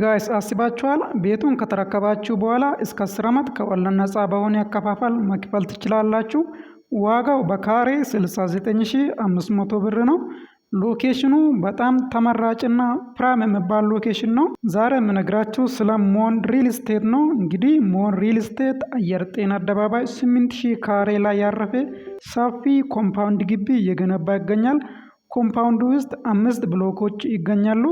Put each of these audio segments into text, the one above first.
ጋይስ አስባችኋል? ቤቱን ከተረከባችሁ በኋላ እስከ አስር ዓመት ከወለድ ነጻ በሆነ አከፋፈል መክፈል ትችላላችሁ። ዋጋው በካሬ 69500 ብር ነው። ሎኬሽኑ በጣም ተመራጭና ፕራም የሚባል ሎኬሽን ነው። ዛሬ የምነግራችሁ ስለ ሞን ሪል ስቴት ነው። እንግዲህ ሞን ሪል ስቴት አየር ጤና አደባባይ 8000 ካሬ ላይ ያረፈ ሰፊ ኮምፓውንድ ግቢ እየገነባ ይገኛል። ኮምፓውንዱ ውስጥ አምስት ብሎኮች ይገኛሉ።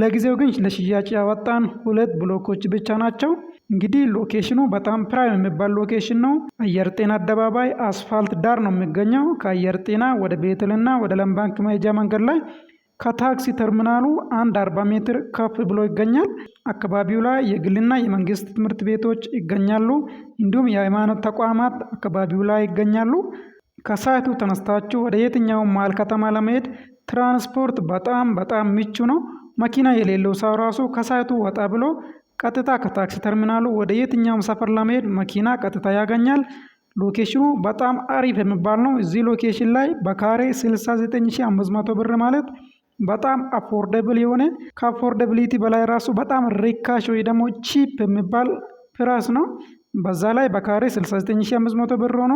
ለጊዜው ግን ለሽያጭ ያወጣን ሁለት ብሎኮች ብቻ ናቸው። እንግዲህ ሎኬሽኑ በጣም ፕራይም የሚባል ሎኬሽን ነው። አየር ጤና አደባባይ አስፋልት ዳር ነው የሚገኘው። ከአየር ጤና ወደ ቤትልና ወደ ለምባንክ መሄጃ መንገድ ላይ ከታክሲ ተርሚናሉ አንድ 40 ሜትር ከፍ ብሎ ይገኛል። አካባቢው ላይ የግልና የመንግስት ትምህርት ቤቶች ይገኛሉ። እንዲሁም የሃይማኖት ተቋማት አካባቢው ላይ ይገኛሉ። ከሳይቱ ተነስታችሁ ወደ የትኛውም መሀል ከተማ ለመሄድ ትራንስፖርት በጣም በጣም ምቹ ነው። መኪና የሌለው ሰው ራሱ ከሳይቱ ወጣ ብሎ ቀጥታ ከታክሲ ተርሚናሉ ወደ የትኛውም ሰፈር ለመሄድ መኪና ቀጥታ ያገኛል። ሎኬሽኑ በጣም አሪፍ የሚባል ነው። እዚህ ሎኬሽን ላይ በካሬ 69500 ብር ማለት በጣም አፎርደብል የሆነ ከአፎርደብሊቲ በላይ ራሱ በጣም ሪካሽ ወይ ደግሞ ቺፕ የሚባል ፕራስ ነው። በዛ ላይ በካሬ 69500 ብር ሆኖ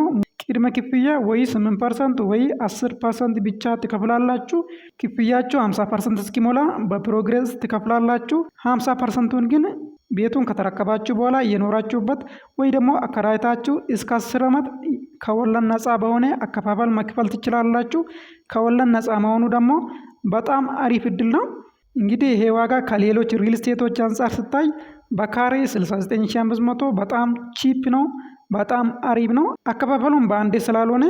ቅድመ ክፍያ ወይ 8 ፐርሰንት ወይ 10 ፐርሰንት ብቻ ትከፍላላችሁ። ክፍያችሁ 50 ፐርሰንት እስኪሞላ በፕሮግረስ ትከፍላላችሁ። 50 ፐርሰንቱን ግን ቤቱን ከተረከባችሁ በኋላ እየኖራችሁበት ወይ ደግሞ አከራይታችሁ እስከ 10 ዓመት ከወለድ ነፃ በሆነ አከፋፈል መክፈል ትችላላችሁ። ከወለድ ነፃ መሆኑ ደግሞ በጣም አሪፍ እድል ነው። እንግዲህ ይሄ ዋጋ ከሌሎች ሪል ስቴቶች አንጻር ስታይ በካሬ 69500 በጣም ቺፕ ነው። በጣም አሪፍ ነው። አከፋፈሉም በአንዴ ስላልሆነ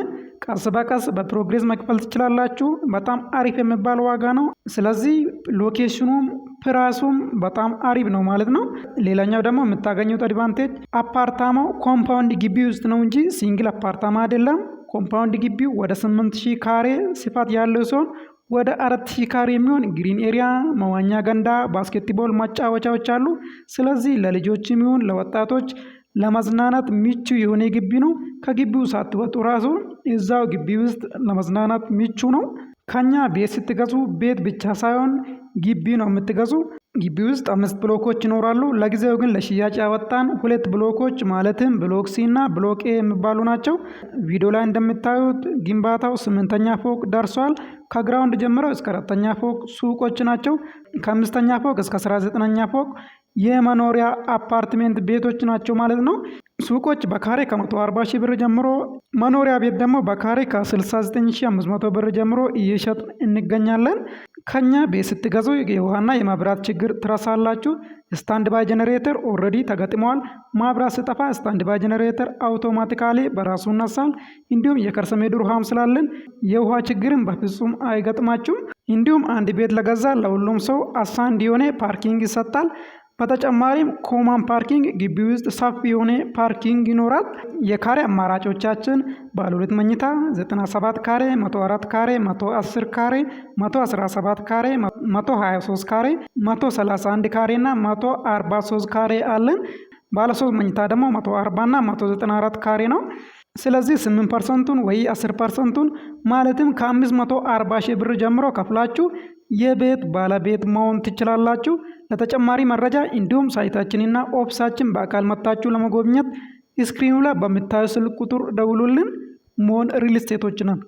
ቀስ በቀስ በፕሮግሬስ መክፈል ትችላላችሁ። በጣም አሪፍ የሚባል ዋጋ ነው። ስለዚህ ሎኬሽኑም ፕራሱም በጣም አሪፍ ነው ማለት ነው። ሌላኛው ደግሞ የምታገኙት አድቫንቴጅ አፓርታማው ኮምፓውንድ ግቢ ውስጥ ነው እንጂ ሲንግል አፓርታማ አይደለም። ኮምፓውንድ ግቢው ወደ ስምንት ሺህ ካሬ ስፋት ያለው ሲሆን ወደ አራት ሺህ ካሬ የሚሆን ግሪን ኤሪያ፣ መዋኛ ገንዳ፣ ባስኬትቦል ማጫወቻዎች አሉ። ስለዚህ ለልጆችም ይሁን ለወጣቶች ለመዝናናት ምቹ የሆነ ግቢ ነው። ከግቢው ሳትወጡ ራሱ እዛው ግቢ ውስጥ ለመዝናናት ምቹ ነው። ከኛ ቤት ስትገዙ ቤት ብቻ ሳይሆን ግቢ ነው የምትገዙ። ግቢ ውስጥ አምስት ብሎኮች ይኖራሉ። ለጊዜው ግን ለሽያጭ ያወጣን ሁለት ብሎኮች ማለትም ብሎክ ሲ እና ብሎክ ኤ የሚባሉ ናቸው። ቪዲዮ ላይ እንደምታዩት ግንባታው ስምንተኛ ፎቅ ደርሷል። ከግራውንድ ጀምረው እስከ አራተኛ ፎቅ ሱቆች ናቸው። ከአምስተኛ ፎቅ እስከ አስራ ዘጠነኛ ፎቅ የመኖሪያ አፓርትሜንት ቤቶች ናቸው ማለት ነው። ሱቆች በካሬ ከ140 ሺህ ብር ጀምሮ መኖሪያ ቤት ደግሞ በካሬ ከ69500 ብር ጀምሮ እየሸጥ እንገኛለን። ከኛ ቤት ስትገዙ የውሃና የመብራት ችግር ትረሳላችሁ። ስታንድ ባይ ጀኔሬተር ኦልሬዲ ተገጥመዋል። ማብራት ስጠፋ ስታንድ ባይ ጀኔሬተር አውቶማቲካሊ በራሱ እነሳል። እንዲሁም የከርሰ ምድር ውሃም ስላለን የውሃ ችግርን በፍጹም አይገጥማችሁም። እንዲሁም አንድ ቤት ለገዛ ለሁሉም ሰው አሳንድ የሆነ ፓርኪንግ ይሰጣል። በተጨማሪም ኮማን ፓርኪንግ ግቢ ውስጥ ሰፊ የሆነ ፓርኪንግ ይኖራል። የካሬ አማራጮቻችን ባለ ሁለት መኝታ 97 ካሬ፣ 104 ካሬ፣ 110 ካሬ፣ 117 ካሬ፣ 123 ካሬ፣ 131 ካሬ እና 143 ካሬ አለን። ባለ ሶስት መኝታ ደግሞ 140 እና 194 ካሬ ነው። ስለዚህ 8 ፐርሰንቱን ወይ 10 ፐርሰንቱን ማለትም ከ540 ሺህ ብር ጀምሮ ከፍላችሁ የቤት ባለቤት መሆን ትችላላችሁ። ለተጨማሪ መረጃ እንዲሁም ሳይታችንና ኦፊሳችን በአካል መታችሁ ለመጎብኘት ስክሪኑ ላይ በምታዩ ስልክ ቁጥር ደውሉልን። መሆን ሪል ስቴቶች ነን።